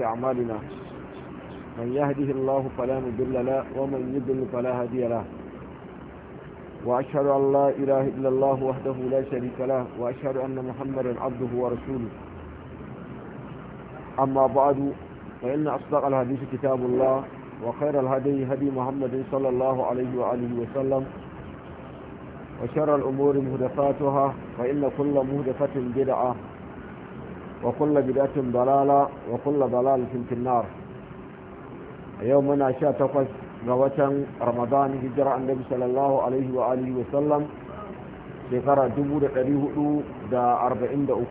أعمالنا من يهده الله فلا مضل له ومن يضل فلا هادي له وأشهد أن لا إله إلا الله وحده لا شريك له وأشهد أن محمدا عبده ورسوله أما بعد فإن أصدق الحديث كتاب الله وخير الهدي هدي محمد صلى الله عليه وآله وسلم وشر الأمور مهدفاتها فإن كل مهدفة بدعة وكل بدعة ضلالة وكل ضلالة في النار يومنا شاء تقص غوة رمضان هجرة النبي صلى الله عليه وآله وسلم shekara 443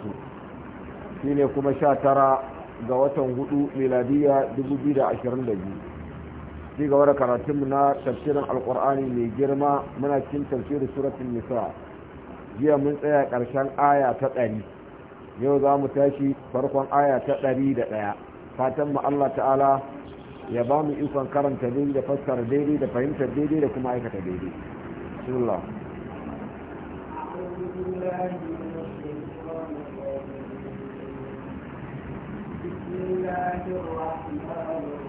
shi ne kuma 19 ga watan 4 miladiya 2022 shi gaba da karatunmu na tafsirin Alƙur'ani mai girma muna cikin tafsirin suratun nisa jiya mun tsaya ƙarshen aya ta ɗari. yau za mu tashi farkon aya ta ɗari da ɗaya fatan mu Allah ta'ala ya ba mu ikon karanta daidai da fassara daidai da fahimtar daidai da kuma aikata daidai bismillah بسم الله الرحمن الرحيم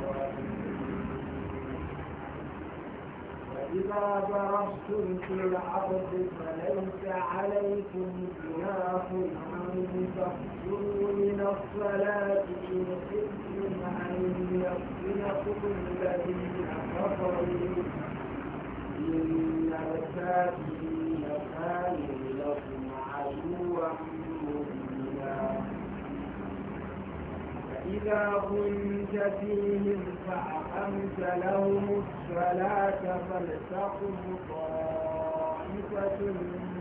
فإذا ضربتم في الأرض فليس عليكم جناح أن تقصروا من الصلاة إن خفتم أن يفتنكم الذين كفروا إن الكافرين كانوا لكم عدوا إذا كنت فيهم فأقمت لهم الصلاة فلتقم طائفة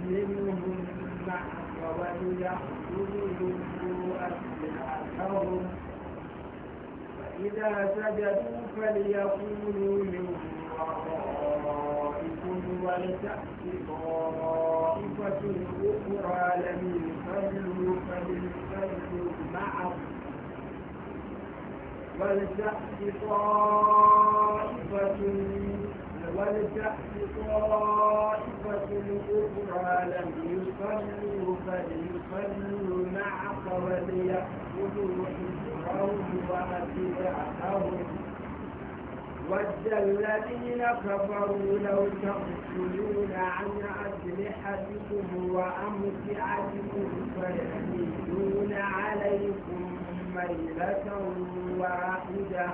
منهم معك وليحفظوا أسلحتهم فإذا سجدوا فليكونوا من ورائكم ولتأت طائفة أخرى لم يصلوا فليصلوا معهم ولتأت طائفة ولتأت طائفة أخرى لم يصلوا فليصلوا معك وليأخذوا حذرهم وأتباعهم ود الذين كفروا لو تغفلون عن أسلحتكم وأمتعتكم فيميلون عليكم ميلة واحدة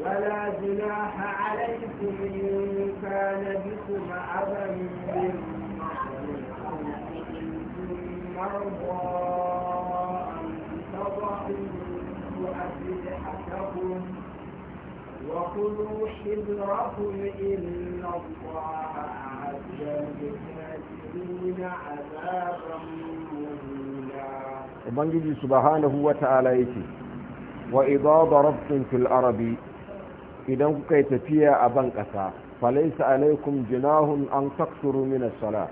ولا جناح عليكم إن كان بكم أبا من مرضى أن تضعوا أسلحتكم وخذوا حذركم إن الله أعد للكافرين عذابا ubangiji subhanahu wa ta'ala yake wa idza darabtum fil arabi idan kuka yi tafiya a ban ƙasa falaisa alaikum jinahun an taksuru min as-salah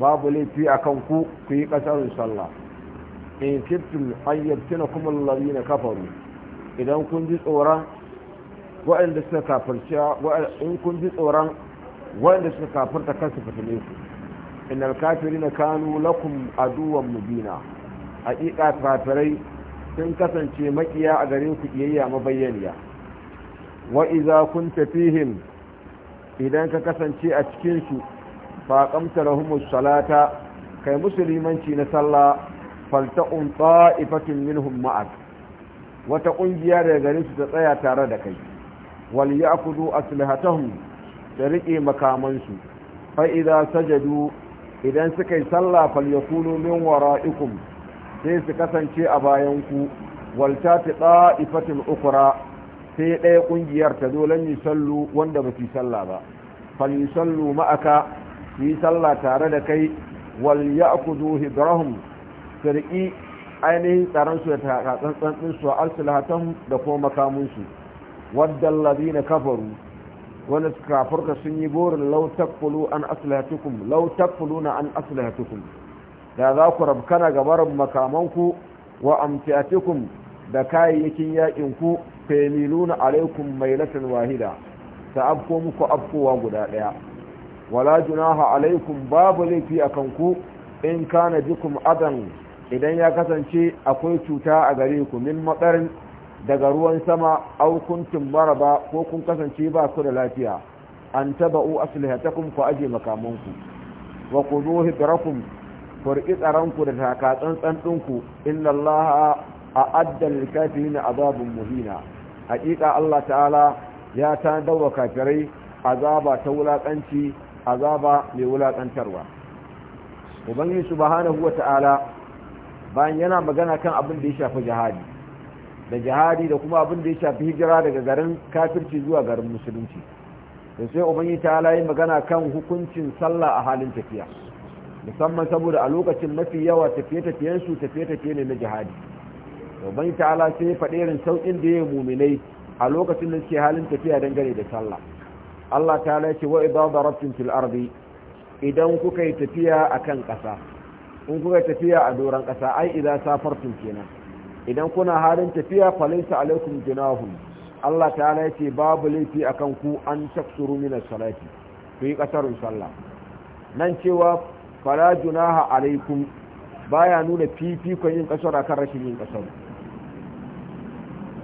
babu laifi akan ku ku yi ƙasarun sallah in kiftum an kuma lalina kafaru idan kun ji tsoron waɗanda suka kafirci in kun ji tsoron wa'anda suka kafirta kansu fitile su innal kafirina kanu lakum aduwwan mubina hakika kafirai sun kasance makiya a gare ku iyayya mabayyaniya wa idza kunta fihim idan ka kasance a cikin su fa qamta salata kai musulmanci na sallah un ta'ifatun minhum ma'ak wata kungiya daga gare su ta tsaya tare da kai wal ya'khudhu aslihatahum ta rike makamansu fa idza sajadu idan suka yi sallah falyakunu min wara'ikum sai su kasance a bayan ku ta ɗa'ifatin ukura sai ɗaya ƙungiyar ta zo lan sallu wanda ba su salla ba fal sallu ma'aka su yi salla tare da kai wal ya'khudhu hidrahum sirqi ainihin tsaron su da tsantsan din su al alsilatan da kuma makamun su waddal ladina kafaru wani kafurka sun yi burin lau takfulu an aslihatukum lau takfuluna an da za ku rabkana ga barin makamanku wa amtiatikum da kayayyakin ku fa yamiluna alaikum mailatan wahida ta afko muku afkowa guda ɗaya wala junaha alaikum babu laifi a ku in kana bikum adan idan ya kasance akwai cuta a gare ku min matsarin daga ruwan sama au kuntum maraba ko kun kasance ba ku da lafiya an taba'u aslihatakum ku aje makamanku wa khudhu hidrakum farki tsaranku da taka tsantsan ɗinku inna Allah a addal kafirin azabun muhina haƙiƙa Allah ta'ala ya ta daura kafirai azaba ta wulaƙanci azaba mai wulakantarwa. ubangi subhanahu wa ta'ala bayan yana magana kan abin da ya shafi jihadi da jihadi da kuma abin da ya shafi hijira daga garin kafirci zuwa garin musulunci da sai ubangi ta'ala yi magana kan hukuncin sallah a halin tafiya musamman saboda a lokacin mafi yawa tafiye-tafiyen su tafiye-tafiye ne na jihadi domin ta'ala sai ya faɗi irin sauƙin da ya yi muminai a lokacin da suke halin tafiya dangane da sallah Allah ta ala ce wa'i idza darabtum fil idan kuka yi tafiya akan ƙasa in kuka yi tafiya a doron ƙasa ai idza safartum kenan idan kuna halin tafiya falaysa alaikum junahun Allah ta ala ce babu laifi akan ku an taksuru min as-salati ku yi ƙasarun sallah nan cewa fala junaha alaikum baya nuna fifikon yin kasar akan rashin yin kasar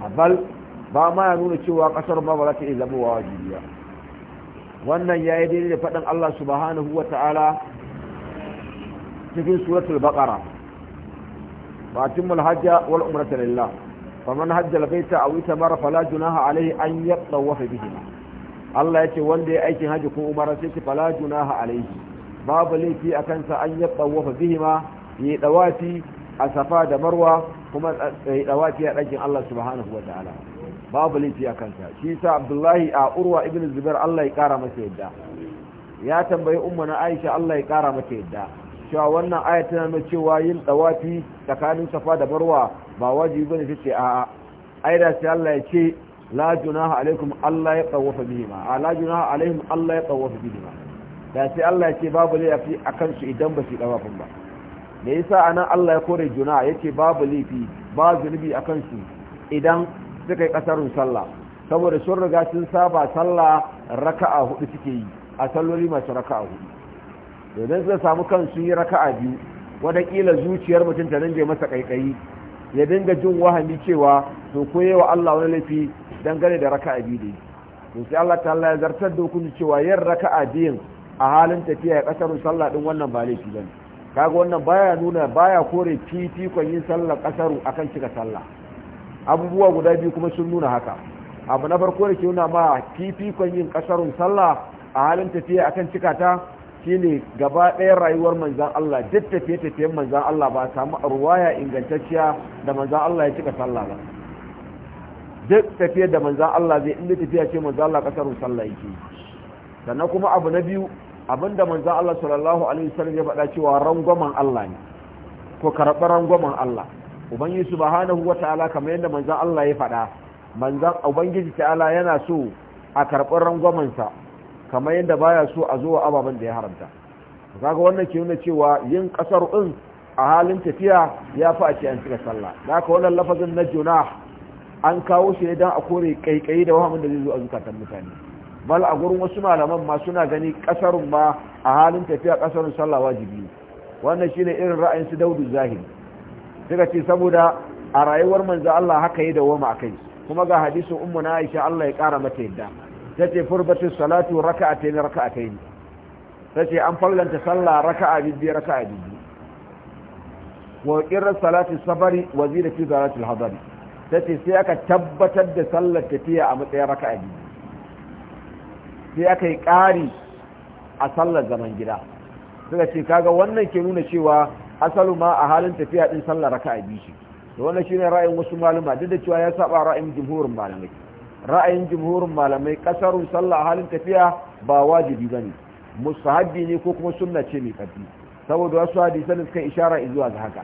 abal ba ma ya nuna cewa kasar ma ba za ta iya zama wajibiya wannan ya yi daidai da faɗin Allah subhanahu wa ta'ala cikin suratul baqara wa atimul hajja wal umrata lillah faman hajja al-baita aw itamara fala junaha alayhi an yatawafa bihi Allah yace wanda ya aikin haji ko umara sai ce fala junaha alayhi babu laifi a kansa an yi tsawafa bihima yi dawafi a safa da marwa kuma yi dawafi a ɗakin Allah subhanahu wa ta'ala babu laifi a kansa shi sa abdullahi a urwa ibn zubair Allah ya kara masa yadda ya tambayi umma na aisha Allah ya kara masa yadda cewa wannan aya tana nuna cewa yin dawafi tsakanin safa da marwa ba wajibi bane ce a'a ai da sai Allah ya ce la junaha alaikum Allah ya tsawafa bihima la junaha alaihim Allah ya tsawafa bihima da sai Allah ya ce babu laifi a kansu idan ba su ɗawafin ba me yasa nan Allah ya kore juna ya ce babu laifi ba zunubi a kansu idan suka yi ƙasarun sallah saboda sun riga sun saba sallah raka'a hudu suke yi a salloli masu raka'a hudu domin suka samu kansu yi raka'a biyu kila zuciyar mutum ta nan masa kaikayi ya dinga jin wahami cewa to koyewa Allah wani laifi dangane da raka'a biyu da yi to sai Allah ta Allah ya zartar da hukunci cewa yin raka'a biyun a halin tafiya ya kasar sallah din wannan ba laifi bane kaga wannan baya nuna baya kore kon yin sallah kasaru akan cika sallah abubuwa guda biyu kuma sun nuna haka abu na farko da ke nuna ma kon yin kasarun sallah a halin tafiya akan cika ta shine gaba ɗaya rayuwar manzan Allah duk tafiye-tafiyen manzan Allah ba samu ruwaya ingantacciya da manzan Allah ya cika sallah ba duk tafiyar da manzan Allah zai inda tafiya ce manzan Allah kasarun sallah yake sannan kuma abu na biyu abinda manzan Allah sallallahu alaihi wasallam ya faɗa cewa rangwamen Allah ne ko karɓar rangwamen Allah ubangiji subhanahu wata'ala kamar yadda manzan Allah ya faɗa manzan ubangiji ta'ala yana so a karɓar rangwamen sa kamar yadda baya so a zo a ababen da ya haramta kaga wannan ke nuna cewa yin kasar din a halin tafiya ya fi a ce an cika sallah da haka wannan lafazin na juna an kawo shi ne don a kore kaikayi da wahamin da zai zo a zukatan mutane bal a gurin wasu malaman ma suna gani kasarun ma a halin tafiya kasarun sallah wajibi wannan shine irin ra'ayin su daudu zahiri suka ce saboda a rayuwar manzo Allah haka yi a kai, kuma ga hadisin ummu na Aisha Allah ya kara mata yadda ce furbatu salatu raka'atayn raka'atayn ce an fallanta sallah raka'a bibbi raka'a bibbi wa qirra salati safari wa zidati salati al-hadari tace sai aka tabbatar da sallar tafiya a matsayin raka'a bibbi sai aka yi ƙari a sallar zaman gida suka ce kaga wannan ke nuna cewa asalu ma a halin tafiya din sallar raka a shi Da wannan shine ra'ayin wasu malama duk da cewa ya saba ra'ayin jumhurin malamai ra'ayin jumhurin malamai kasarun sallah a halin tafiya ba wajibi ba ne mustahabbi ne ko kuma sunna ce mai kafi saboda wasu hadisan da suka ishara zuwa ga haka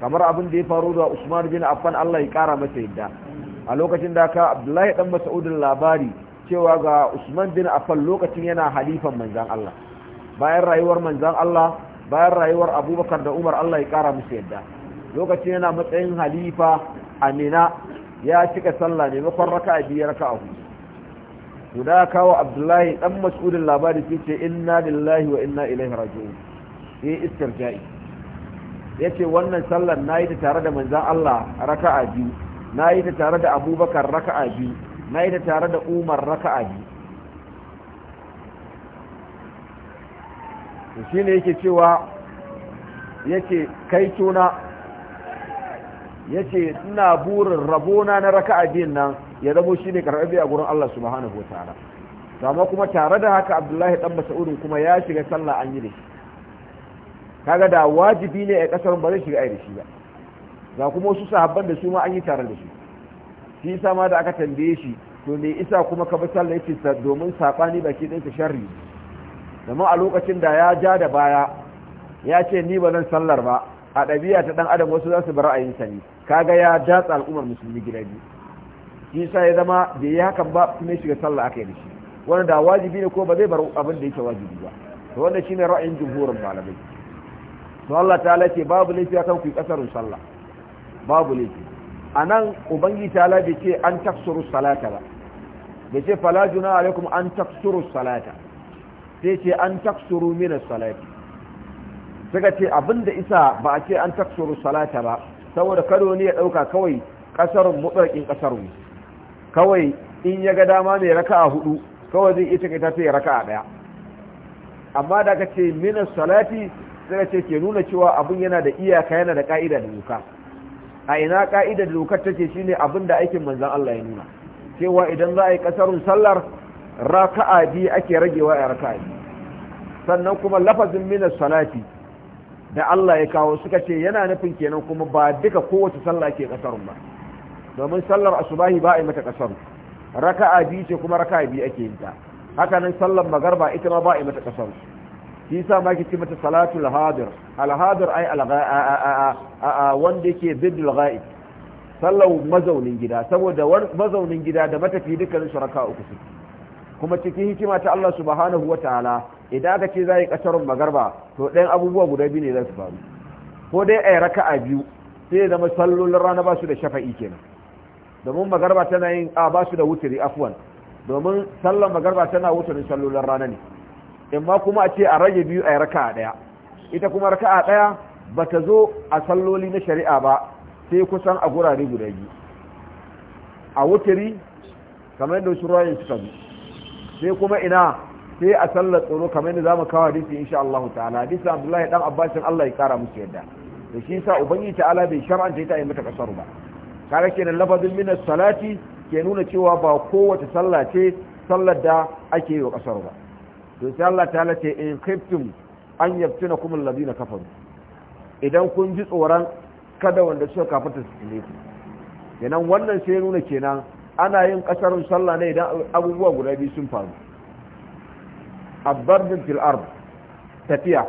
kamar abin da ya faru da Usman bin Affan Allah ya kara masa yadda a lokacin da ka Abdullahi dan mas'udin labari cewa ga usman bin affan lokacin yana halifan manzan Allah bayan rayuwar manzan Allah bayan rayuwar abubakar da umar Allah ya kara musu yadda lokacin yana matsayin halifa amina ya cika sallah maimakon raka a biyar raka hudu guda kawo abdullahi dan mas'udin labari sai ce inna lillahi wa inna ilaihi raji'un sai istirja'i yace wannan sallar nayi ta tare da manzan Allah raka'a biyu nayi ta tare da abubakar raka'a biyu na yi tare da umar raka'a biyu shi ne yake cewa yake kai tuna yace ina burin rabona na raka'a biyun nan ya zamo shi ne karɓe a gurin Allah subhanahu wa ta'ala sama kuma tare da haka abdullahi dan mas'udin kuma ya shiga sallah an yi da shi kaga da wajibi ne a kasar ba zai shiga ai da shi ba za kuma wasu sahabban da su ma an yi tare da su shi yasa ma da aka tambaye shi to me isa kuma ka bi sallah yace domin sabani baki ɗinsa sharri domin a lokacin da ya ja da baya ya ce ni ba zan sallar ba a ɗabi'a ta ɗan adam wasu za su bar ra'ayinsa ne kaga ya datsa al'ummar musulmi gida biyu shi sa ya zama da ya hakan ba kuma shiga sallah aka yi da shi wanda da wajibi ne ko ba zai bar abin da yake wajibi ba to wannan shine ra'ayin jumhurin malamai to Allah ta'ala ce babu laifi akan ku kasarun sallah babu laifi a nan ubangi ta bai ce an taksuru salata ba bai ce fala juna alaikum an taksuru salata sai ce an taksuru mina salati suka ce abinda isa ba a ce an taksuru salata ba saboda kado ne ya dauka kawai kasar ƙasarun mutsarkin mu kawai in ya ga dama mai raka a hudu kawai zai ita kai ta sai raka a ɗaya amma da aka ce mina salati sai ce ke nuna cewa abin yana da iyaka yana da ka'ida da doka a ina ka'idar dokar take shine abin da aikin manzon Allah ya nuna cewa idan za a yi kasarun sallar raka'a biyu ake ragewa a raka'a sannan kuma lafazin mina salati da Allah ya kawo suka ce yana nufin kenan kuma ba duka kowace sallah ke kasarun ba domin sallar asubahi ba a yi mata kasaru raka'a biyu ce kuma raka'a biyu ake yin ta haka nan sallar magarba ita ma ba a yi mata kasaru shi yasa ma ki ce mata salatul hadir alhadir ai wanda yake bidul ghaib sallau mazaunin gida saboda mazaunin gida da matafi dukkanin shuraka uku su kuma cikin hikima ta Allah subhanahu wa ta'ala idan aka ce za kasar magarba to dan abubuwa guda biyu ne za su faru ko dai a raka'a biyu sai da masallolin rana ba su da shafa'i kenan domin magarba tana yin a ba su da wuturi afwan domin sallar magarba tana wuturin sallolin rana ne imma kuma a ce a rage biyu a raka'a daya ita kuma raka'a daya bata zo a salloli na shari'a ba sai kusan a gurare guda biyu a wutari kamar da wasu ruwayin suka zo sai kuma ina sai a sallar tsoro kamar yadda zamu kawo hadisi insha Allah ta'ala hadisi Abdullahi dan Abbasin Allah ya kara musu yadda da shi yasa ubangiji ta'ala bai shar'anta ita yi mata kasar ba kare kenan lafazin min salati ke nuna cewa ba kowace sallah ce sallar da ake yi wa kasar ba to sai Allah ta lace in khiftum an yabtunakum ladina kafaru idan kun ji tsoron kada wanda suka kafata su ne ku kenan wannan sai nuna kenan ana yin kasarun sallah ne idan abubuwa guda biyu sun faru abdarbin fil ard tafiya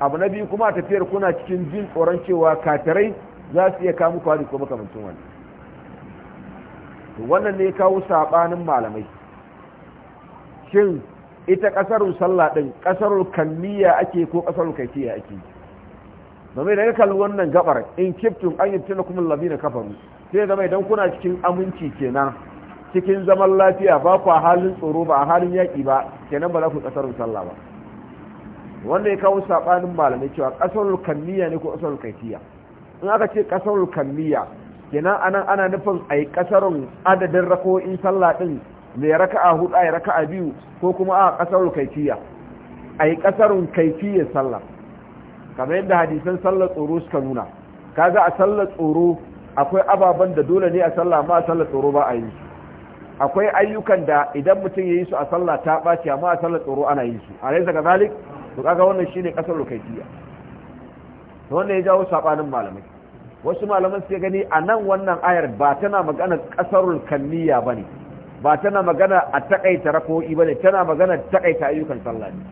abu na biyu kuma tafiyar kuna cikin jin tsoron cewa katarai za su iya kamu kwari ko makamancin wani wannan ne kawo sabanin malamai shin ita kasarun sallah din kasar kalliya ake ko kasar kaifiya ake domin da kalli wannan gabar in kiftun an yi tuna kuma labina kafaru sai zama idan kuna cikin aminci kenan cikin zaman lafiya ba ku a halin tsoro ba a halin yaƙi ba kenan ba za ku kasarun sallah ba wanda ya kawo saɓanin malamai cewa kasar kalliya ne ko kasar kaifiya in aka ce kasar kalliya kenan anan ana nufin a yi kasarun adadin rako'in sallah din mai raka'a hudu ai raka'a biyu ko kuma a kasarun kaifiya ai kasarun kaifiyar sallah kamar yadda hadisan sallar tsoro suka nuna kaga a sallar tsoro akwai ababan da dole ne a sallah amma a sallar tsoro ba a yi su akwai ayyukan da idan mutum ya yi su a sallah ta ɓaci amma a sallar tsoro ana yin su a rai daga zalik to kaga wannan shine kasar lokaifiya to wannan ya jawo sabanin malamai wasu malaman ya gani a nan wannan ayar ba tana maganar kasarul kanniya bane ba tana magana a takaita rako'i bane tana magana takaita ayyukan sallah ne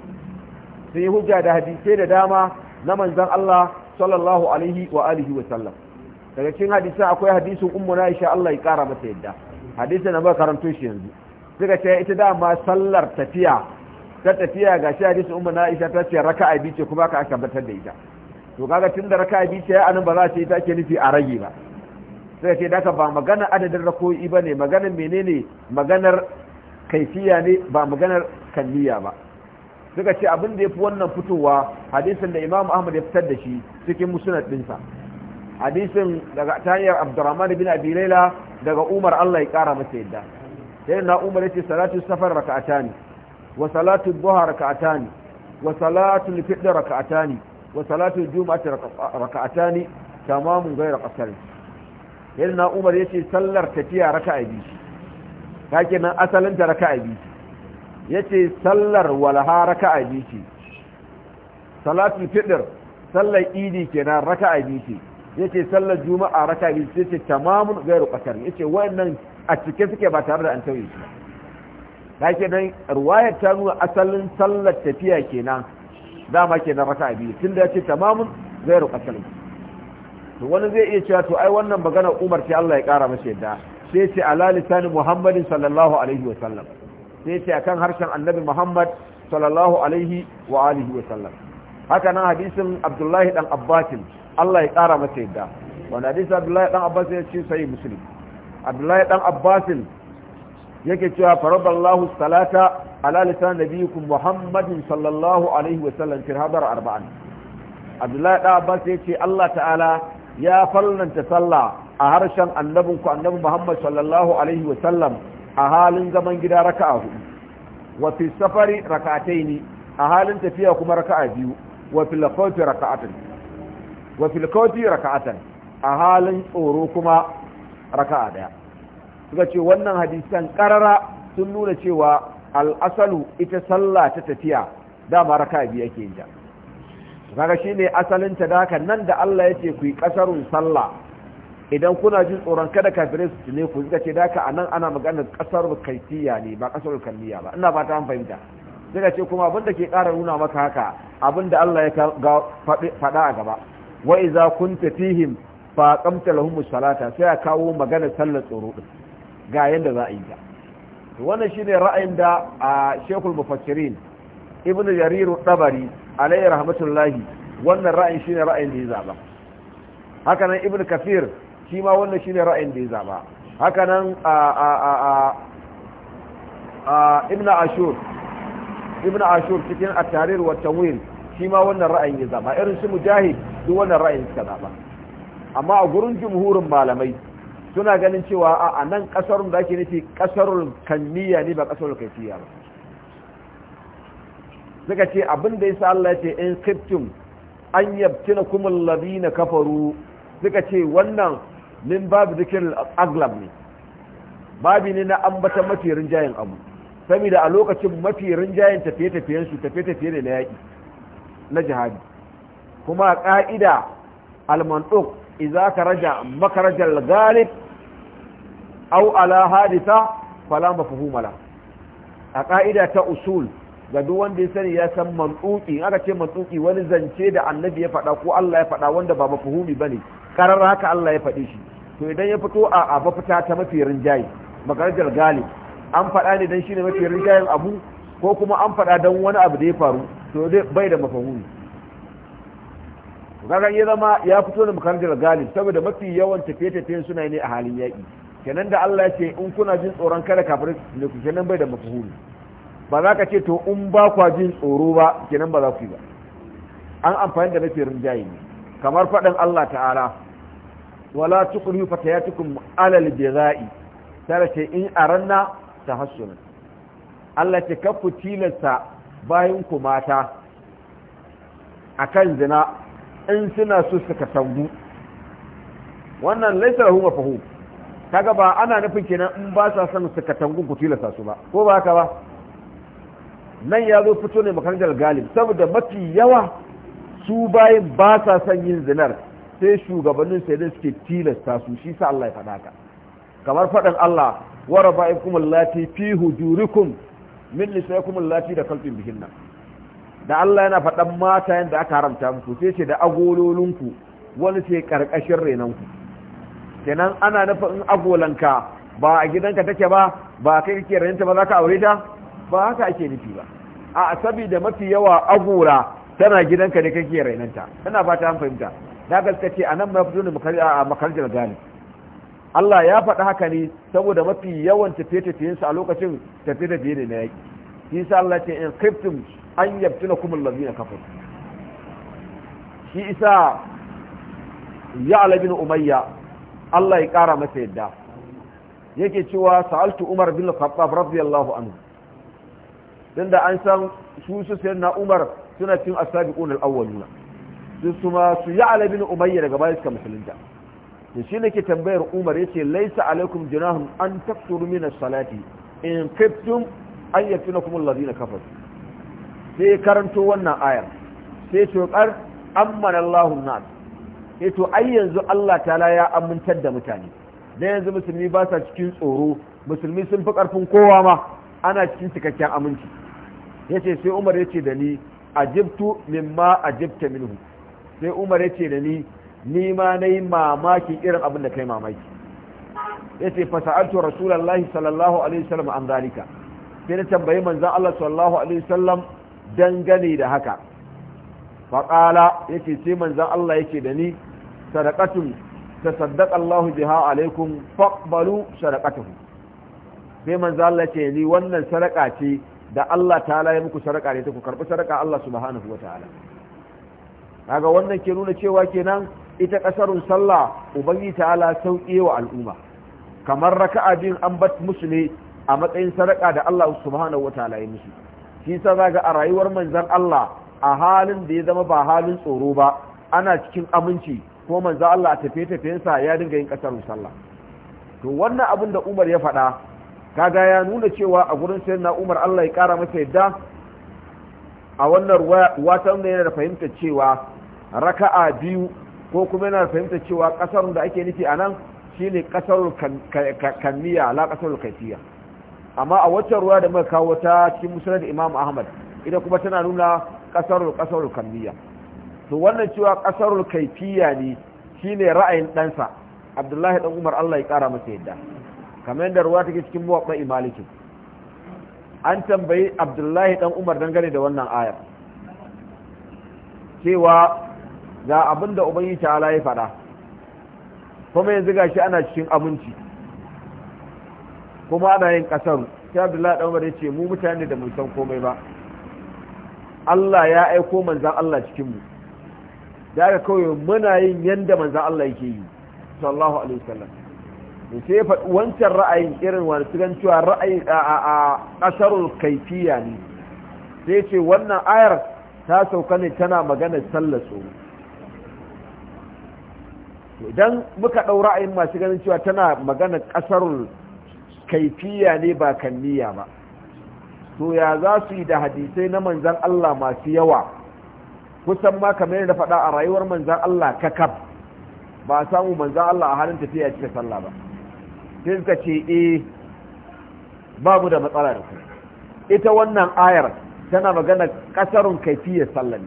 sai hujja da hadisai da dama na manzon Allah sallallahu alaihi wa alihi wa sallam daga cikin hadisi akwai hadisin ummu na Aisha Allah ya kara mata yadda hadisin na ba karanto shi yanzu daga cewa ita dama sallar tafiya ta tafiya ga shi hadisin ummu na Aisha ta ce raka'a biyu ce kuma ka tabbatar da ita to kaga tunda raka'a biyu ce anan ba za ta yi take nufi a rage ba sai ce daka ba magana adadin rakoyi ba ne maganar menene maganar kaifiya ne ba maganar kalliya ba suka ce abin da ya fi wannan fitowa hadisin da imam ahmad ya fitar da shi cikin musulat ɗinsa hadisin daga ta hanyar abdurrahman bin abi daga umar allah ya kara masa yadda sai na umar yace salatu safar raka'atani wa salatu duha raka'atani wa salatu al-fitr raka'atani wa salatu al raka'atani tamamun ghayra qasari yadda na umar ya ce sallar tafiya raka a biyu ta ke nan asalinta raka a biyu ya ce sallar walha raka a biyu ce salatu fidir sallar idi kenan raka a biyu ce ya ce sallar juma'a raka a biyu ce ce tamamun gairu kasar ya ce wayannan a cike suke ba tare da an tauye su ta ke nan ruwayar ta nuna asalin sallar tafiya kenan dama nan raka a biyu tun da ya ce tamamun gairu kasar to wani zai iya cewa to ai wannan maganar Umar ce Allah ya kara masa yadda sai ce ala lisan Muhammadin sallallahu alaihi wa sallam sai ce akan harshen Annabi Muhammad sallallahu alaihi wa alihi wa sallam haka nan hadisin Abdullahi dan Abbas Allah ya kara masa yadda wanda hadisin Abdullahi dan Abbas ya ce sai Muslim Abdullahi dan Abbas yake cewa faraballahu salata ala lisan nabiyikum muhammadin sallallahu alaihi wa sallam fi hadar arba'an abdullahi da abbas ce Allah ta'ala ya fallanta sallah a harshen annabinku annabi Muhammad sallallahu alaihi wa sallam a halin zaman gida raka'a hudu wa fi safari raka'atayn a halin tafiya kuma raka'a biyu wa fil khawfi raka'atan wa fil khawfi raka'atan a halin tsoro kuma raka'a daya suka ce wannan hadisan karara sun nuna cewa al-asalu ita sallah ta tafiya dama raka'a biyu yake yin ta kaga shine asalin ta da nan da Allah yake ku yi kasarun sallah idan kuna jin tsoron kada kafirai su tune ku zika ce daka anan ana maganar kasar kaifiya ne ba kasar kalliya ba ina ba ta an fahimta zika ce kuma abin da ke kara nuna maka haka abin da Allah ya faɗa a gaba wa iza kunta fihim fa qamta lahum salata sai a kawo magana sallar tsoro din ga yanda za a yi ta wannan shine ra'ayin da a Sheikhul Mufassirin Ibn Jarir Tabari alayhi rahmatullahi wannan ra'ayin shine ra'ayin da ya zaba haka nan ibn kafir shi ma wannan shine ra'ayin da ya zaba haka nan a a a a ibn ashur ibn ashur cikin at-tahrir wa tanwir shi ma wannan ra'ayin ya zaba irin su mujahid duk wannan ra'ayin suka zaba amma a gurin jumhurin malamai suna ganin cewa a nan kasarun da ake nufi kasarun kanniya ne ba kasarun kaifiya ba suka ce abin da yasa Allah ya ce in khiftum an yabtinakum alladhina kafaru suka ce wannan min babu zikirin aglab ne babi ne na ambata mafi rinjayen abu saboda a lokacin mafi rinjayen tafiye-tafiyen su tafiye-tafiye ne na yaƙi na jihadi kuma ƙa'ida al iza ka raja makarajar ghalib au ala hadisa fala mafhumala a ƙa'ida ta usul ga duk wanda ya sani ya san mantsuki aka ce mantsuki wani zance da annabi ya faɗa ko Allah ya faɗa wanda ba mafuhumi bane karar haka Allah ya faɗi shi to idan ya fito a a ta mafi rinjaye magarjar gali an faɗa ne dan shine mafi rinjayen abu ko kuma an faɗa dan wani abu da ya faru to dai bai da mafuhumi kaga ya zama ya fito da magarajar galib saboda mafi yawan tafiye-tafiyen suna ne a halin yaƙi kenan da Allah ya ce in kuna jin tsoron kada kafirai ne ku kenan bai da mafuhumi ba za ka ce to in ba kwa jin tsoro ba kenan ba za ku yi ba an amfani da nufin rinjaye ne kamar faɗin Allah ta'ala wala tukrihu fatayatukum alal jaza'i tare ce in aranna hasuna Allah ce ka tilasta bayan ku mata akan zina in suna so suka tambu wannan laisa lahu mafhum kaga ba ana nufin kenan in ba sa son suka tangu ku tilasta su ba ko ba haka ba nan ya zo fito ne makarantar galib saboda mafi yawa su bayan ba sa son yin zinar sai shugabannin sai dai suke tilasta su shi sa Allah ya faɗa ka kamar faɗin Allah wa raba'ikum allati fi hujurikum min lisaikum allati da kalbin bihinna da Allah yana faɗan mata yanda aka haramta musu sai ce da agololunku wani sai karkashin renanku kenan ana nufin agolanka ba a gidanka take ba ba kai kike renanta ba za ka aure ta ba haka ake nufi ba a da mafi yawa agura tana gidanka ne kake rainanta tana fata an fahimta na ce a nan mafi a makarjar gani Allah ya faɗi haka ne saboda mafi yawan tafiye su a lokacin tafiye-tafiye ne na yaƙi shi sa Allah ce in kriptum an yabtuna kuma lazina kafin shi isa ya alabin umayya Allah ya kara masa yadda yake cewa sa'altu umar bin khattab radiyallahu anhu don da an san su su sayan na umar suna cin asabi ƙunar awwaluna su ma su yi alabin umayya daga bayan suka musulunta da shi nake tambayar umar ya ce laisa alaikum jinahun an takturu mina salati in kiftum an yafi na kuma na kafar sai karanto wannan ayar sai shokar amman allahun nas sai to ai yanzu allah ta'ala ya amintar da mutane da yanzu musulmi ba sa cikin tsoro musulmi sun fi karfin kowa ma ana cikin cikakken aminci yace sai Umar yace da ni a ajibtu mimma ajibta minhu sai Umar yace da ni ni ma nayi mamakin irin abin da kai mamaki yace fa sa'altu rasulallah sallallahu alaihi wasallam an zalika sai na tambayi manzon Allah sallallahu alaihi wasallam dangane da haka fa qala yace sai manzon Allah yace da ni sadaqatun tasaddaqa Allah biha alaikum faqbalu sadaqatahu sai manzon Allah ce ni wannan sadaka ce da Allah ta'ala ya muku sadaka ne ta ku karɓi sadaka Allah subhanahu wa ta'ala kaga wannan ke nuna cewa kenan ita kasarun sallah ubangi ta'ala sauke wa al'umma kamar raka'a din an bat musu ne a matsayin sadaka da Allah subhanahu wa ta'ala ya musu shi sa zaga a rayuwar manzan Allah a halin da ya zama ba halin tsoro ba ana cikin aminci ko manzon Allah a tafiye-tafiyensa ya dinga yin kasarun sallah to wannan abin da Umar ya faɗa kaga ya nuna cewa a gurin sayar na umar allah ya kara masa yadda a wannan ruwa ta wanda yana da fahimta cewa raka'a biyu ko kuma yana da fahimtar cewa kasar da ake nufi a nan shi ne kasar kanniya la kasar kaifiya amma a wata ruwa da muka kawo ta cikin musulun imam ahmad ita kuma tana nuna kasar kasar kanniya to wannan cewa kasar kaifiya ne shi ne ra'ayin ɗansa abdullahi dan umar allah ya kara masa yadda kamar yadda ruwa take cikin muwaɓɓa imalikin an tambayi abdullahi ɗan umar dangane da wannan ayar cewa ga abin da ubangi ta'ala ya faɗa kuma yanzu ga shi ana cikin abinci kuma ana yin ƙasar sai abdullahi ɗan umar ya ce mu mutane da mun san komai ba Allah ya aiko manzan Allah cikinmu da aka kawai muna yin yadda manzan Allah yake yi sallallahu alaihi wasallam sai ya faɗi wancan ra'ayin irin wani gan cewa ra'ayi a ƙasar kaifiya ne sai ce wannan ayar ta sauka ne tana magana sallar idan muka ɗau ra'ayin masu ganin cewa tana magana ƙasar kaifiya ne ba niyya ba to ya za su yi da hadisai na manzan Allah masu yawa kusan ma kamar yadda faɗa a rayuwar manzan Allah kakaf ba samu manzan Allah a halin tafiya cikin sallah ba sai suka ce e eh, babu da matsala da ku ita wannan ayar tana magana kasarun kaifiyar sallah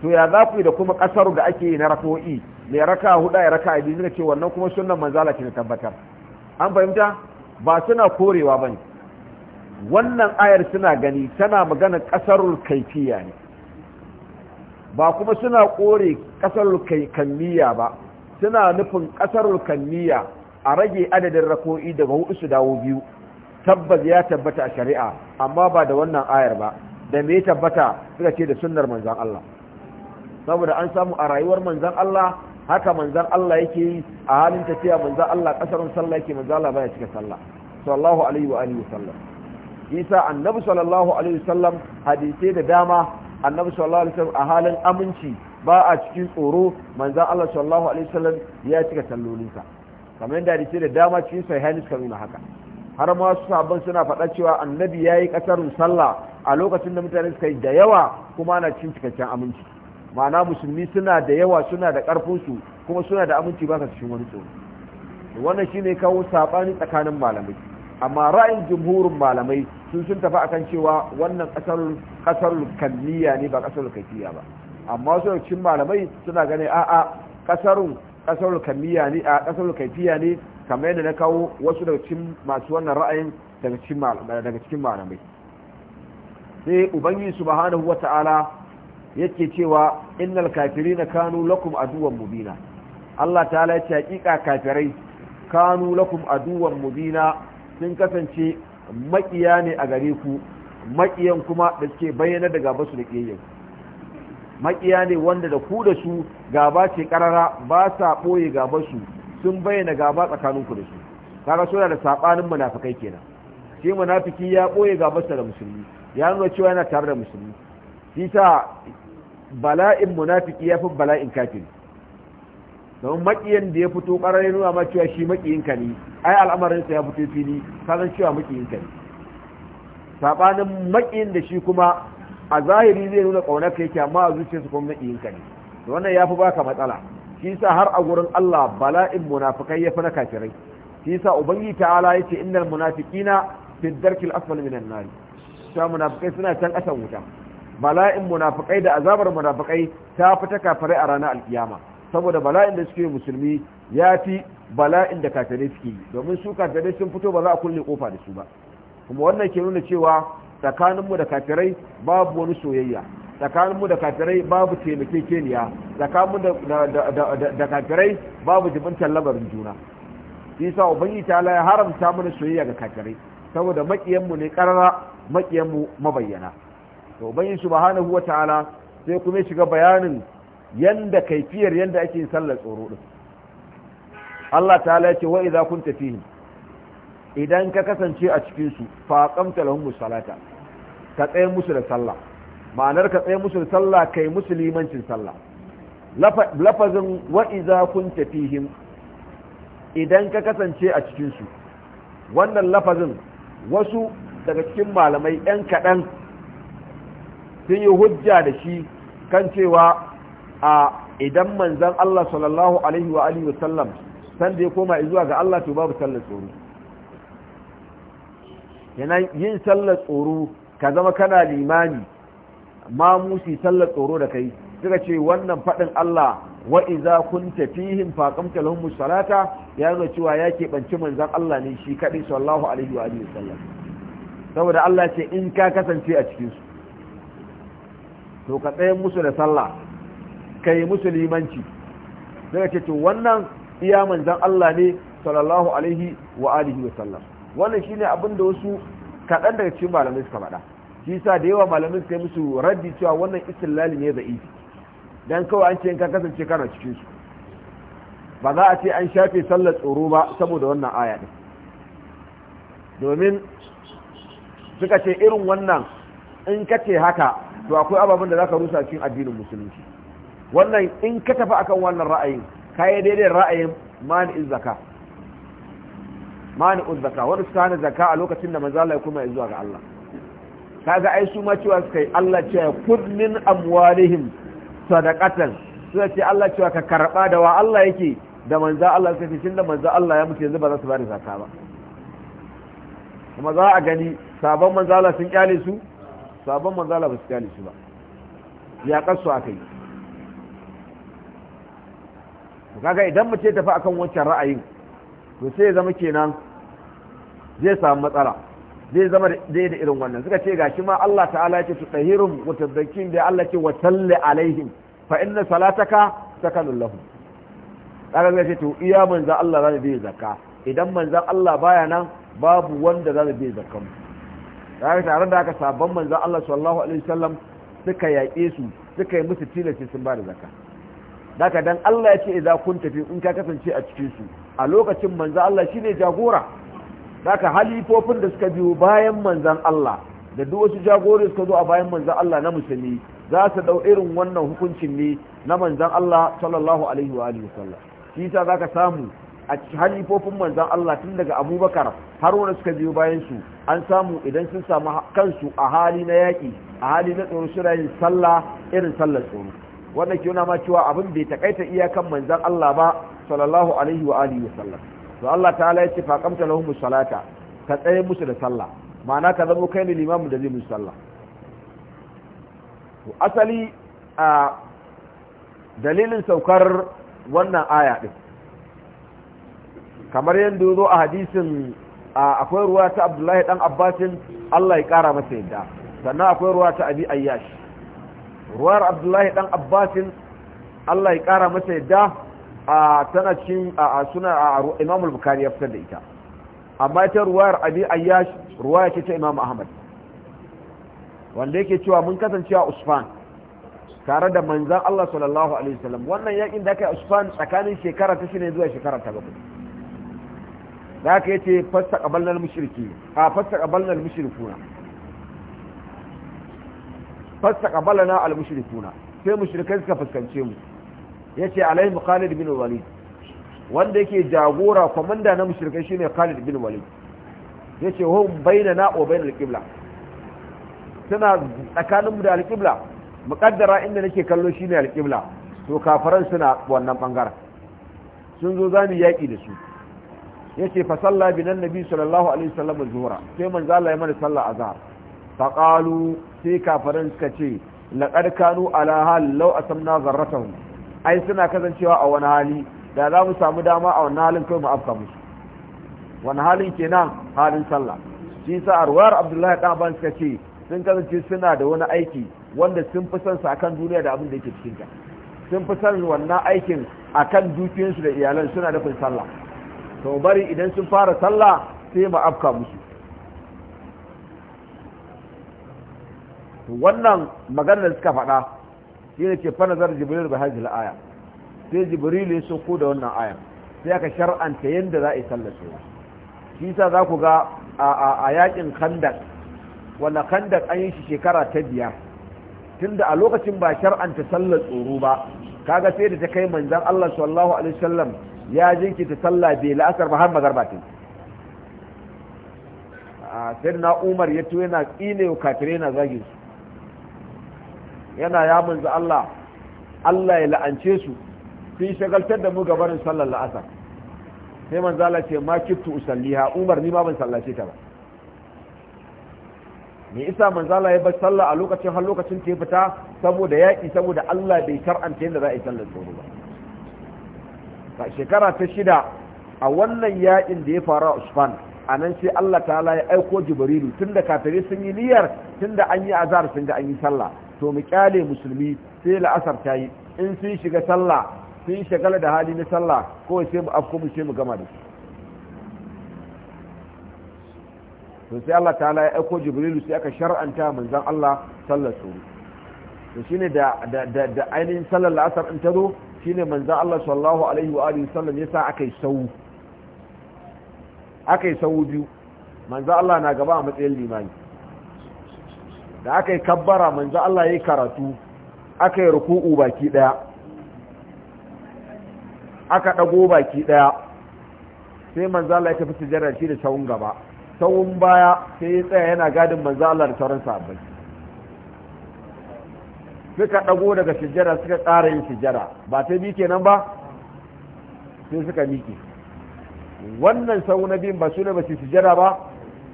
to ya za ku yi da kuma kasar da ake yi na rako'i mai raka huda ya raka abin suka ce wannan kuma sunan manzala ce na tabbatar an fahimta ba suna korewa ba ne wannan ayar suna gani tana magana kasarun kaifiya ne ba kuma suna kore kasarun kammiya ba suna nufin ƙasar kanniya a rage adadin rako'i daga hudu su dawo biyu tabbas ya tabbata a shari'a amma ba da wannan ayar ba da me tabbata suka ce da sunnar manzan Allah saboda an samu a rayuwar manzan Allah haka manzan Allah yake yi a halin tafiya manzan Allah kasarun sallah yake manzan Allah baya cika sallah sallallahu alaihi wa alihi sallam. isa annabi sallallahu alaihi wa sallam hadisi da dama annabi sallallahu alaihi wasallam a halin aminci ba a cikin tsoro manzan Allah sallallahu alaihi wasallam ya cika sallolinsa kamar yadda dace da dama cikin sahihani suka haka har ma su sabon suna faɗa cewa annabi ya yi sallah a lokacin da mutane suka yi da yawa kuma ana cikin cikakken aminci ma'ana musulmi suna da yawa suna da su kuma suna da aminci ba ka cikin wani tsoro wannan shine kawo saɓani tsakanin malamai amma ra'ayin jumhurin malamai sun sun tafi akan cewa wannan kasar kasar kalliya ne ba kasar kafiya ba amma su cikin malamai suna ganin a'a kasarun kasar kalliya ne a kasar kafiya ne kamar yadda na kawo wasu daga cikin masu wannan ra'ayin daga cikin daga cikin malamai sai ubangi subhanahu wata'ala yake cewa innal kafirina kanu lakum aduwwan mubina Allah ta'ala ya ce hakika kafirai kanu lakum aduwwan mubina sun kasance maƙiya ne a gare ku makiyan kuma da suke bayyana da gaba su da ƙeyyar makiya ne wanda da ku da su gaba ce karara ba sa ɓoye gaba su sun bayyana gaba tsakanin ku da su kaga suna da saɓanin munafikai kenan shi munafiki ya ɓoye gaba su da musulmi ya nuna cewa yana tare da musulmi shi sa bala'in munafuki ya fi bala'in kafiri don maƙiyan da ya fito ƙarar nuna ma cewa shi ka ne ai sa ya fito fili ka cewa maƙiyin ka ne sabanin makiyin da shi kuma a zahiri zai nuna ka yake amma a zuciyarsa kuma ka ne to wannan ya fi baka matsala shi yasa har a gurin Allah bala'in munafikai ya fi na kafirai shi yasa ubangi ta'ala yace innal munafiqina fi darkil asfal minan nar cewa munafikai suna can ƙasan wuta bala'in munafikai da azabar munafikai ta fi ta kafirai a ranar alkiyama saboda bala'in da suke musulmi ya fi bala'in da kafirai suke yi domin su kafirai sun fito ba za a kulle kofa da su ba kuma wannan ke nuna cewa tsakaninmu da kafirai babu wani soyayya tsakaninmu da kafirai babu taimakekeniya tsakaninmu da kafirai babu jibintar labarin juna isa ubangi ta ya haramta mana soyayya ga kafirai saboda makiyanmu ne karara makiyanmu mabayyana to ubangi subhanahu ta'ala sai kuma shiga bayanin yanda kaifiyar yanda ake yin sallar tsoro din Allah ta'ala ya ce wa idza kunta fihim idan ka kasance a cikin su fa qamta lahum salata ka tsaye musu da sallah ma'anar ka tsaye musu da sallah kai musulmancin sallah lafazin wa idza kunta fihim idan ka kasance a cikin su wannan lafazin wasu daga cikin malamai 'yan kaɗan sun yi hujja da shi kan cewa a idan manzan Allah sallallahu alaihi wa alihi wasallam san da ya koma zuwa ga Allah to babu sallar tsoro yana yin sallar tsoro ka zama kana limani ma musi sallar tsoro da kai suka ce wannan faɗin Allah wa iza kunta fihim faqamta lahum salata ya zo cewa ya keɓanci manzan Allah ne shi kaɗai sallallahu alaihi wa alihi wasallam saboda Allah ce in ka kasance a cikin su to ka tsaye musu da sallah kai musulmanci daga ce to wannan iya manzan Allah ne sallallahu alaihi wa alihi wa sallam wannan shine abin da wasu kaɗan daga cikin malamai suka faɗa shi yasa da yawa malamai suka yi musu raddi cewa wannan istilali ne za'ifi dan kawai an ce in ka kasance kana cikin su ba za a ce an shafe sallar tsoro ba saboda wannan aya din domin suka ce irin wannan in ka ce haka to akwai ababen da zaka rusa cikin addinin musulunci wannan in ka tafi akan wannan ra'ayin ka yi daidai ra'ayin mani in zaka Mani in zaka wani suka hana zaka a lokacin da manzo Allah ya kuma zuwa ga Allah kaga ai su ma cewa suka yi Allah cewa kun min amwalihim sadaqatan da ce Allah cewa ka karba da wa Allah yake da manzo Allah suka ce tunda manzo Allah ya mutu yanzu ba za su bada zaka ba kuma za a gani sabon manzo Allah sun kyale su sabon manzo Allah ba su kyale su ba ya kasu akai to kaga idan mace tafi akan wancan ra'ayin to sai zama kenan zai samu matsala zai zama dai da irin wannan suka ce gashi ma Allah ta'ala ya ce tahirum wa tadhakkin da Allah ke wa alaihim fa inna salataka sakanun lahum kaga zai ce to iya manzan Allah zai bi zakka idan manzan Allah baya nan babu wanda zai bi zakkan kaga tare da haka sabon manzan Allah sallallahu alaihi wasallam suka yaƙe su suka yi musu tilasi sun ba da zakka daga dan Allah ya ce idza kunta tafi in ka kasance a cikin su a lokacin manzo Allah shine jagora daga halifofin da suka biyo bayan manzon Allah da duk wasu jagorori suka zo a bayan manzon Allah na musulmi za su dau irin wannan hukuncin ne na manzon Allah sallallahu alaihi wa alihi wasallam shi ta zaka samu a halifofin manzan Allah tun daga abubakar har wanda suka biyo bayan su an samu idan sun samu kansu a hali na yaki a hali na tsoro shirayin sallah irin sallar tsoro wannan ke ma cewa abin bai takaita iyakan manzan Allah ba sallallahu alaihi wa alihi wasallam to Allah ta'ala ya ce fa kamta lahum salata ka tsaye musu da sallah ma'ana ka zamo kai ne limamin da zai musu sallah to asali a dalilin saukar wannan aya din kamar yadda zo a hadisin akwai ruwa ta abdullahi dan abbasin allah ya kara masa yadda sannan akwai ruwa ta abi ayyash ruwar abdullahi dan abbasin allah ya kara masa yadda a tana cin a suna a imam bukari bukhari ya fitar da ita amma ita ruwar abi ayyash ruwaya ce ta imam ahmad wanda yake cewa mun kasance a usfan tare da manzan allah sallallahu alaihi wasallam wannan yakin da aka yi usfan tsakanin shekara ta shine zuwa shekara ta bakwai da aka yace fasta qabalna mushriki a fasta qabalna mushrikuna fastaqbalana al-mushrikuna sai mushrikai suka fuskance mu yace alai Khalid bin Walid wanda yake jagora komanda na mushrikai shine Khalid bin Walid yace hum bainana wa bainal qibla suna tsakaninmu da al-qibla muqaddara inda nake kallo shine al-qibla to kafaran suna wannan bangara sun zo zamu yaki da su yace fa salla bin nabi sallallahu alaihi wasallam zuhra sai manzo Allah ya mana sallah azhar faƙalu sai kafaran suka ce laƙar kanu ala hal lau a samna ai suna kasancewa a wani hali da za mu samu dama a wani halin kai mu afka musu wani halin kenan halin sallah shi sa arwar abdullahi dan ban suka ce sun kasance suna da wani aiki wanda sun fi son sa akan duniya da abin da yake cikin ta sun fi son wannan aikin akan dukiyansu da iyalan suna da sallah to bari idan sun fara sallah sai mu afka musu to wannan maganar da suka faɗa shi ne ke fanazar jibril da hajjil aya sai jibril ya soko da wannan ayan sai aka shar'anta yadda za a yi sallace ba shi sa za ku ga a yakin kandak wanda kandak an yi shi shekara ta biyar tunda a lokacin ba shar'anta sallar tsoro ba kaga sai da ta kai manzan Allah sallallahu alaihi wasallam ya ta sallah bai la'asar ba har magarba ta sai na umar ya tuwe na tsine katire na zagin su yana ya manzo Allah Allah ya la'ance su fi shagaltar da mu gabarin sallar la'asar sai manzo Allah ce ma kittu usalliha Umar ni ma ban sallace ta ba me isa manzo Allah ya bar sallah a lokacin har lokacin ta fita saboda yaki saboda Allah bai karanta yadda za a yi sallar tsoro ba shekara ta shida a wannan yakin da ya faru a Usman a nan sai Allah ta'ala ya aiko Jibrilu tunda kafirai sun yi niyyar tunda an yi azar sun ga an yi sallah to mu kyale musulmi sai la'asar ta yi in sun shiga sallah sun shagala da hali na sallah kawai sai mu afko mu sai mu gama da su to sai Allah ta'ala ya aiko jibrilu sai aka shar'anta manzan Allah sallar su to shine da da da ainihin sallar la'asar in ta zo shine manzan Allah sallallahu alaihi wa alihi sallam yasa aka yi sau aka yi sau biyu manzan Allah na gaba a matsayin Limani. da aka yi kabbara manzo Allah ya yi karatu aka yi ruku'u baki daya aka dago baki daya sai manzo Allah ya tafi sujjada shi da sawun gaba sawun baya sai ya tsaya yana gadin manzo Allah da sauran sahabbai suka dago daga sujjada suka tsara yin sujjada ba ta bi kenan ba sai suka miƙe wannan sawun na biyun ba su ne ba su sujjada ba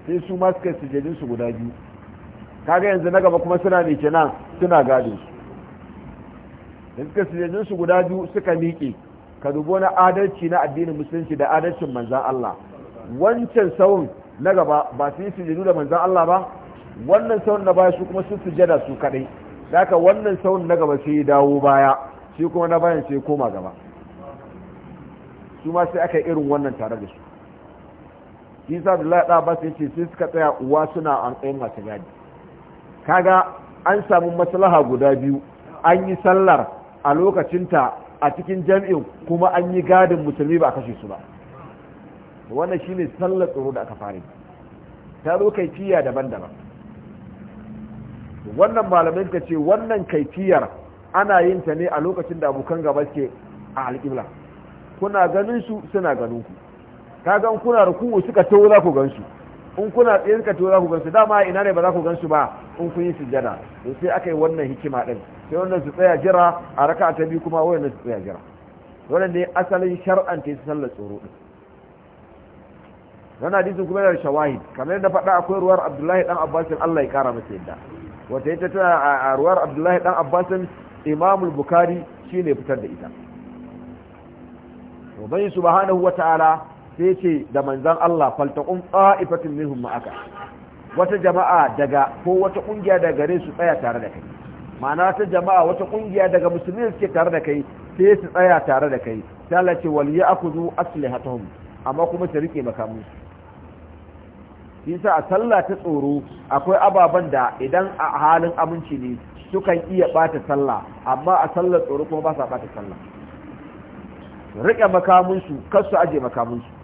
sai su ma suka sujjadin su guda biyu kaga yanzu na gaba kuma suna ne kenan suna gado da suka sujejin su guda biyu suka miƙe ka dubo na adalci na addinin musulunci da adalcin manzan Allah wancan sauran na gaba ba su yi sujudu da manzan Allah ba wannan sauran na baya su kuma sun sujada su kadai haka wannan sauran na gaba sai dawo baya sai kuma na bayan sai koma gaba su ma sai aka yi irin wannan tare da su isa da laɗa ba sai ce sai suka tsaya uwa suna an tsayin masu gadi kaga an samu maslaha guda biyu an yi sallar a lokacinta a cikin jam'in kuma an yi gadin musulmi ba a kashe su ba wannan shine sallar tsoro da aka fara ta zo kaifiya daban-daban wannan malamin ka ce wannan kaifiyar ana yin ta ne a lokacin da abokan gaba ke a alƙibla kuna ganin su suna ganin ku ka gan kuna ruku'u suka tawo za ku gan su in kuna tsayin ka tura za ku gansu dama ina ne ba za ku gansu ba in kun yi sujjada to sai aka yi wannan hikima din sai wannan su tsaya jira a raka ta biyu kuma wannan su tsaya jira wannan ne asalin shar'an ta sallar tsoro din wannan hadisin kuma da shawahid kamar yadda faɗa akwai ruwar Abdullahi dan Abbas Allah ya kara masa yadda wata ita tana a ruwar Abdullahi dan Abbas Imam Bukhari shine fitar da ita to subhanahu wataala sai ce da manzan Allah faltaqum qa'ifatun minhum ma'aka wata jama'a daga ko wata ƙungiya daga gare su tsaya tare da kai ma'ana ta jama'a wata kungiya daga musulmi suke tare da kai sai su tsaya tare da kai sai Allah ce wal ya'khudhu aslihatahum amma kuma su rike makamu yasa a sallah ta tsoro akwai ababen da idan a halin aminci ne sukan iya bata sallah amma a sallar tsoro kuma ba sa bata sallah rike makamunsu kar su aje makamunsu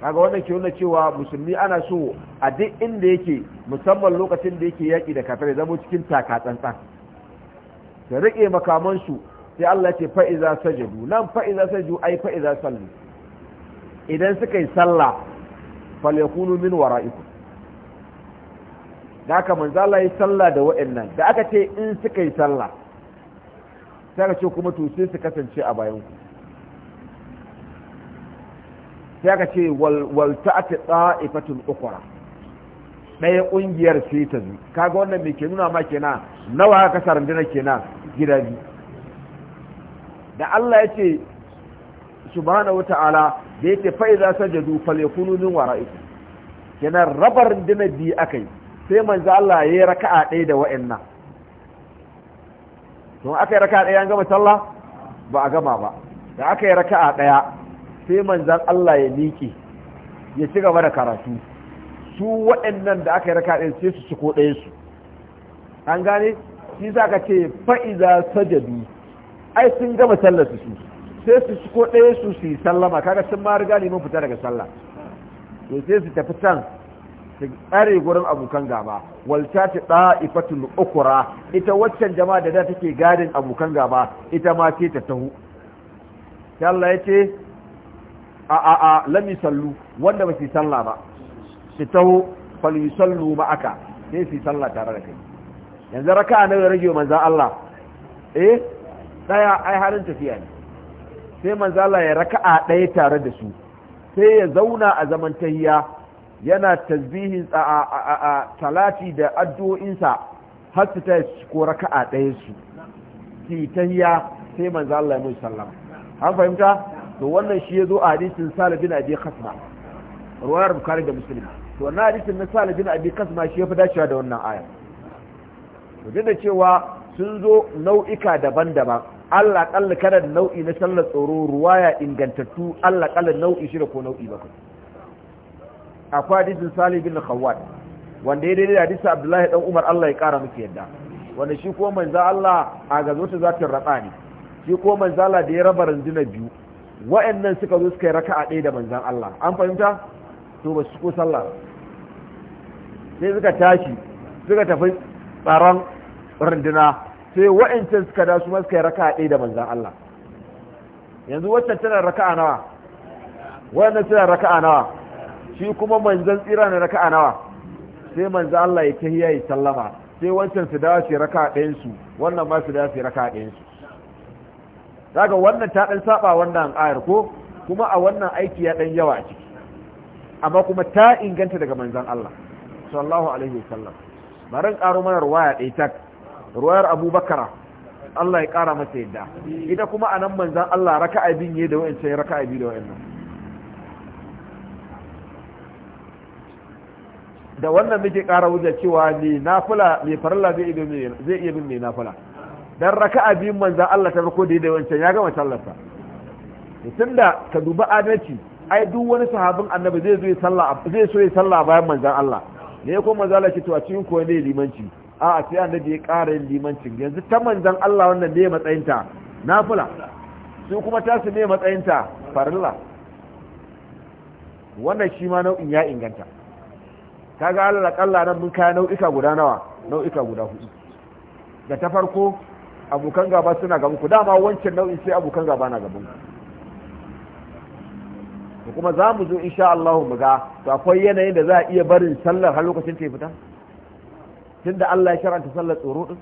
kaga wannan ke nuna cewa musulmi ana so a duk inda yake musamman lokacin da yake yaƙi da kafir zama cikin taka tsantsan da rike makamansu sai Allah ce iza sajadu nan iza sajadu ai iza sallu idan suka yi sallah falyakunu min wara'ikum da aka manzo Allah ya sallah da waɗannan da aka ce in suka yi sallah sai ka ce kuma to sai su kasance a bayanku sai aka ce wal ta'ati ta'ifatun ukura ɗaya ƙungiyar sai ta zu kaga wannan mai ke nuna ma kenan nawa aka sarandina kenan gida biyu da Allah ya ce subhanahu ta'ala da yake fa idza sajadu kunu min wara'ikum kenan rabar dina bi yi sai manzo Allah ya yi raka'a ɗaya da wa'annan to aka yi raka'a ɗaya an gama sallah ba a gama ba da aka yi raka'a ɗaya sai manzan Allah ya miƙe ya ci gaba da karatu su waɗannan da aka yi raka ɗin sai su ko ɗaya su an gane shi za ka ce fa'iza sajadu ai sun gama sallar su sai su ko ɗaya su su yi sallama kaga sun ma riga neman fita daga sallah to sai su tafi can su tsare gurin abokan gaba walta ta ɗa'ifatul ukura ita waccan jama'a da da take gadin abokan gaba ita ma ce ta taho Allah ya ce a a a lami sallu wanda ba su salla ba su taho sallu ba ma'aka sai su salla tare da kai yanzu raka'a nawa rage manza Allah eh daya ai halin tafiya ne sai manza Allah ya raka'a ɗaya tare da su sai ya zauna a zaman tahiya yana tasbihin a talati da addu'o'insa har su ta ko raka'a ɗaya su yi tahiya sai manza Allah ya mai sallama an fahimta to wannan shi ya zo a hadisin salih bin abi Kasma, ruwayar bukari da muslim to wannan hadisin na salih bin abi Kasma shi ya fi dacewa da wannan aya to duk da cewa sun zo nau'ika daban-daban Allah kalla kada nau'i na sallar tsoro ruwaya ingantattu Allah kalla nau'i shida ko nau'i bakwai akwai hadisin salih bin khawwat wanda ya daidai hadisin abdullahi dan umar Allah ya kara miki yadda wanda shi ko manzo Allah a gazo ta zatin raba ne shi ko manzo Allah da ya raba rundunar biyu wa'annan suka zo suka yi raka'a ɗaya da manzan Allah an fahimta to ba su ko sallah sai suka tashi suka tafi tsaron runduna sai wa'ancan suka da su masu suka yi raka'a ɗaya da manzan Allah yanzu waccan tana raka'a nawa wa'annan tana raka'a nawa shi kuma manzan tsira na raka'a nawa sai manzan Allah ya tahiya ya sallama sai wancan su dawo su raka'a ɗayan su wannan ma su dawo su raka'a ɗayan su daga wannan ta ɗan saba wannan ayar ko kuma a wannan aiki ya ɗan yawa a ciki amma kuma ta inganta daga manzan Allah sallallahu alaihi wasallam barin ƙaro mana ruwaya ɗaya tak ruwayar abubakar Allah ya ƙara masa yadda ita kuma a nan manzan Allah raka'a bin ya da wa'ancan raka raka'a bi da wa'annan da wannan muke ƙara wuce cewa ne nafila mai farilla zai iya bin mai nafila dan raka'a biyun manzan Allah ta farko da wancan ya gama sallarsa tun da ka duba adalci ai duk wani sahabin annabi zai zo sallah zai so ya sallah bayan manzan Allah ne ko manzan Allah ce to a cikin ko ne limanci a a sai annabi ya ƙara yin limancin yanzu ta manzan Allah wannan ne matsayinta nafila su kuma su ne matsayinta farilla wannan shi ma nau'in ya inganta kaga Allah kallan nan mun kaya nau'ika guda nawa nau'ika guda hudu da ta farko abokan gaba suna gaban ku dama wancan nau'in sai abokan gaba na gaban ku kuma za mu zo insha Allah mu ga to akwai yanayin da za a iya barin sallar har lokacin ta fita tunda Allah ya sharanta sallar tsoro din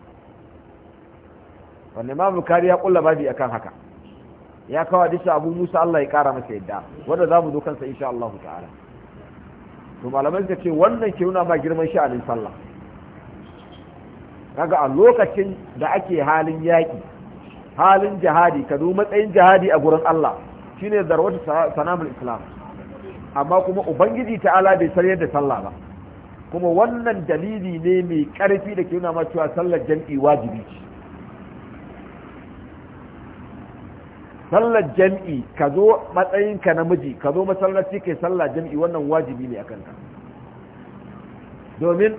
wannan ma bukari ya kulla babi akan haka ya kawo disa abu Musa Allah ya kara masa yadda wanda za mu zo kansa insha Allah ta'ala to malamai ce wannan ke nuna ma girman sha'anin sallah kaga a lokacin da ake halin yaƙi halin jihadi ka zo matsayin jihadi a gurin Allah shine zarwatu sanamul islam amma kuma ubangiji ta ala bai sarye da sallah ba kuma wannan dalili ne mai karfi da ke nuna ma cewa sallar jam'i wajibi ce sallar jam'i ka zo matsayinka namiji ka zo masallaci kai sallar jam'i wannan wajibi ne akan ka domin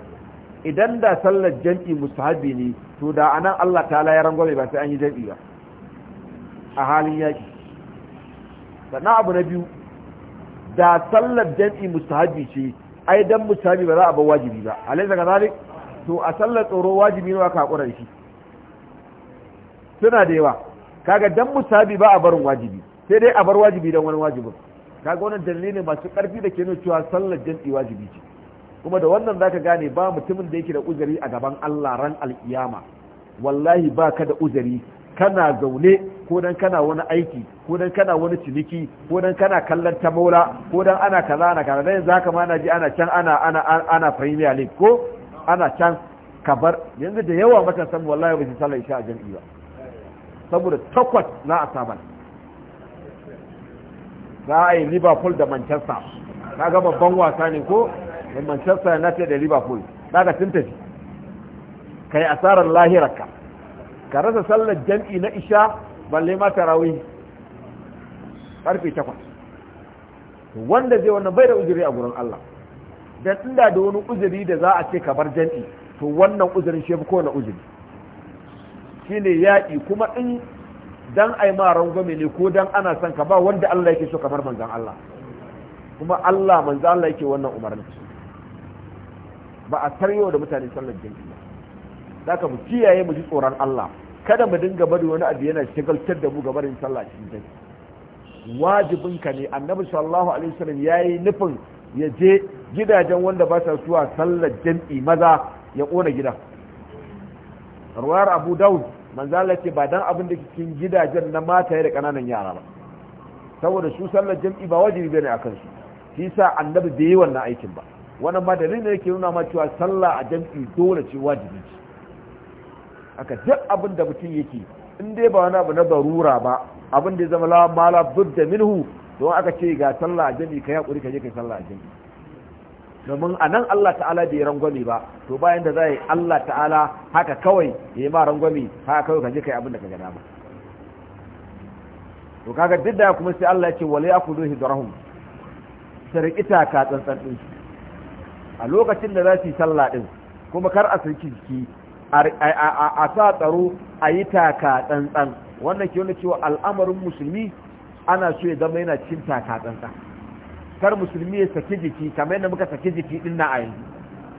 idan da sallar jam'i musahabi ne to da anan Allah ta ya rangwame ba sai an yi jam'i ba a halin yaki sana abu na biyu da sallar jam'i musahabi ce ai dan musahabi ba za a bar wajibi ba ga kadhalik to a sallar tsoro wajibi ne aka hakura shi suna da yawa kaga dan musahabi ba a barin wajibi sai dai a bar wajibi dan wani wajibin kaga wannan dalilin masu karfi da ke nuna cewa sallar jam'i wajibi ce kuma da wannan zaka gane ba mutumin da yake da uzuri a gaban Allah ran alkiyama wallahi ba ka da uzuri kana zaune ko dan kana wani aiki ko dan kana wani ciniki ko dan kana kallon ta maula ko dan ana kaza ana kaza dan zaka ma na ana can ana ana ana premier league ko ana can kabar yanzu da yawa mata san wallahi ba shi sallar isha a jami'i ba saboda takwas na asaban za a yi liverpool da manchester kaga babban wasa ne ko da manchester united da liverpool daga sun tafi ka yi asarar lahirarka ka rasa sallar jam'i na isha balle ma tarawi karfe takwas wanda zai wannan bai da uzuri a gurin Allah dan inda da wani uzuri da za a ce ka bar jam'i to wannan uzurin shi fi kowane uzuri shine yaƙi kuma in dan ai ma rangwame ne ko dan ana son ka ba wanda Allah yake so kamar manzon Allah kuma Allah manzon Allah yake wannan umarni ba a taryo da mutane sallar jami'i ba ka mu kiyaye mu ji tsoron Allah kada mu dinga bari wani abu yana shigaltar da mu ga barin sallah cikin jami'i wajibin ka ne annabi sallallahu alaihi wasallam yayi nufin ya je gidajen wanda ba sa zuwa sallar jami'i maza ya kona gida ruwayar abu daud manzo Allah ce ba dan abin da cikin gidajen na mata da kananan yara ba saboda su sallar jami'i ba wajibi bane akan su shi sa annabi bai yi wannan aikin ba ba ma rina yake nuna cewa sallah a jam'i dole ce wajibi ce aka duk abin da mutum yake in dai ba wani abu na barura ba abin da ya zama lawa mala budda minhu don aka ce ga sallah a jam'i ka hakuri ka je ka sallah a jam'i domin a nan Allah ta'ala bai rangwame ba to bayan da za yi Allah ta'ala haka kawai ya yi ma rangwame haka kawai ka je ka yi abin da ka gada ba to kaga duk da kuma sai Allah ya ce wale wala kudu hidrahum ta ka tsantsan ɗinsu. a lokacin da za su yi sallah ɗin, kuma kar a saki jiki a sa tsaro a yi taka tsantsan wannan ke wani cewa al'amarin musulmi ana so ya zama yana cin taka tsantsan kar musulmi ya saki jiki kamar yadda muka saki jiki ɗin na a yanzu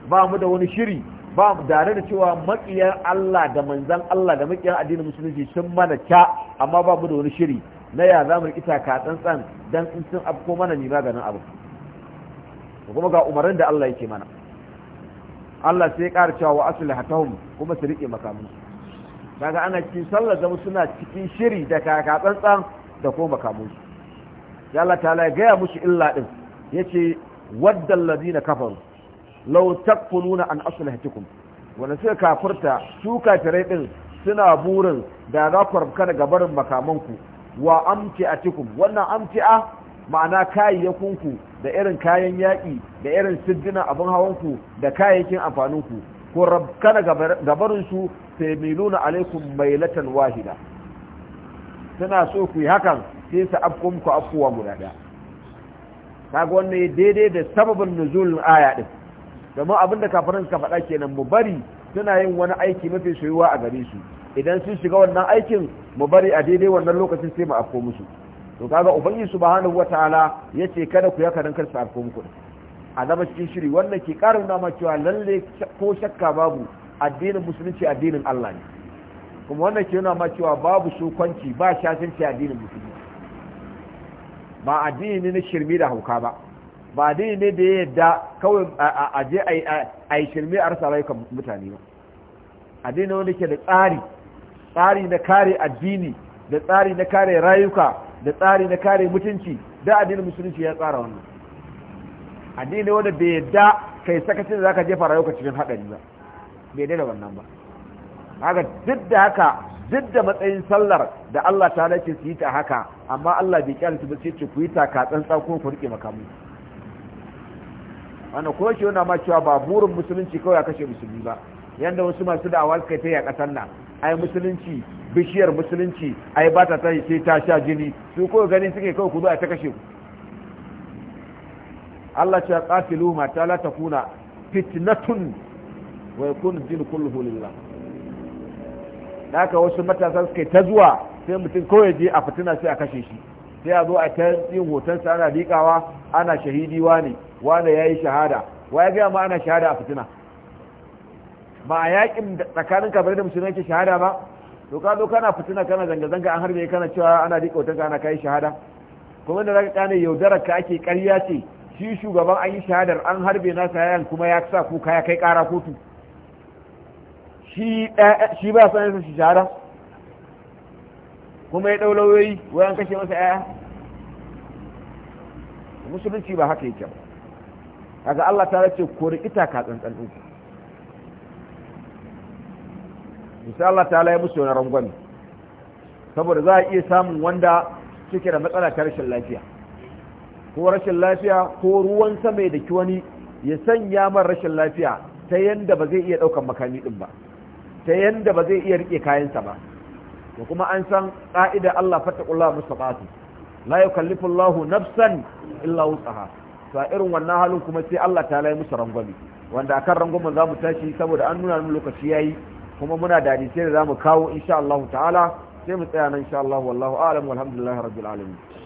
ba mu da wani shiri ba mu tare da cewa maƙiyar Allah da manzan Allah da maƙiyar addinin musulunci sun mana ca amma ba mu da wani shiri na ya za mu ka tsantsan dan in sun afko mana ni maganin abu kuma ga umarin da Allah yake mana Allah sai ƙara cewa wa aslihatahum kuma su rike makamin Daga ana cikin sallar da suna cikin shiri da kaka tsantsan da kuma makamin ya Allah ta ya gaya musu illa din yace waddal ladina kafaru law taqfuluna an aslihatikum wanda suka kafurta su kafirai din suna burin da za ku rabka daga barin makamanku wa amti'atikum wannan amti'a ma'ana kayayyakunku da irin kayan yaƙi da irin siddina abin ku da kayayyakin ku ko rabkana gabarinsu sai miluna alaikum mailatan wahida suna so ku yi hakan sai su afko muku afkowa guda ɗaya kaga wannan ya daidai da sababin nuzulin aya ɗin domin abin da kafirin ka faɗa kenan mu bari suna yin wani aiki mafi soyuwa a gare su idan sun shiga wannan aikin mu bari a daidai wannan lokacin sai mu afko musu to kaga ubangi subhanahu wataala yace kada ku yaka dan kar su muku azaba cikin shiri wannan ke karin ma cewa lalle ko shakka babu addinin musulunci addinin Allah ne kuma wannan ke nuna ma cewa babu shukanci ba shafinci addinin musulunci ba addini ne na shirme da hauka ba ba addini ne da ya yadda kawai a je a yi shirme a rasa rayukan mutane ba addini wanda ke da tsari tsari na kare addini da tsari na kare rayuka da tsari na kare mutunci da addinin musulunci ya tsara wannan addini wanda bai yadda kai sakacin da zaka jefa rayuwarka cikin haɗari ba bai daina wannan ba haka duk da haka duk da matsayin sallar da Allah ta lace su yi ta haka amma Allah bai kyan su sai ce ku yi taka tsantsan ko ku rike makamu wannan ko shi wani ma cewa ba burin musulunci kawai a kashe musulmi ba yanda wasu masu da'awa suka yi ta yi a ƙasar nan ai musulunci bishiyar musulunci ai ba ta tashi sai ta sha jini su ko gani suke kawai ku zo a ta kashe ku Allah ce qatilu ma ta la takuna fitnatun wa yakun din kulluhu lillah haka wasu matasa suke ta zuwa sai mutum kawai je a fitina sai a kashe shi sai a zo a ta yin hoton sa ana likawa ana shahidi wani wani yayi shahada wa ya ga ma ana shahada a fitina ba a yakin tsakanin kafirai da musulmai ke shahada ba to ka zo kana fitina kana zanga zanga an harbe kana cewa ana dika wata kana kai shahada kuma da zaka kane yaudarar ka ake ƙarya ce shi shugaban an yi shahadar an harbe na sayan kuma ya sa kuka ya kai ƙara kotu shi shi ba san shi shahada kuma ya ɗau lauyoyi wayan kashe masa yaya musulunci ba haka yake ba kaga Allah ta ce ko rikita ka tsantsan ɗinku sai Allah ta'ala ya musu wani rangwami saboda za a iya samun wanda suke da matsala ta rashin lafiya ko rashin lafiya ko ruwan sama ya daki wani ya sanya man rashin lafiya ta yanda ba zai iya ɗaukan makami ɗin ba ta yanda ba zai iya riƙe kayansa ba da kuma an san ƙa'ida Allah fattakullah mustaqatu la yukallifu Allahu nafsan illa wutsaha to irin wannan halin kuma sai Allah ta lai musu rangwami wanda akan rangwamin za mu tashi saboda an nuna mu lokaci yayi kuma muna da sai da mu kawo insha Allah ta'ala sai mu tsaya nan insha Allah wallahu a'lam walhamdulillahi rabbil alamin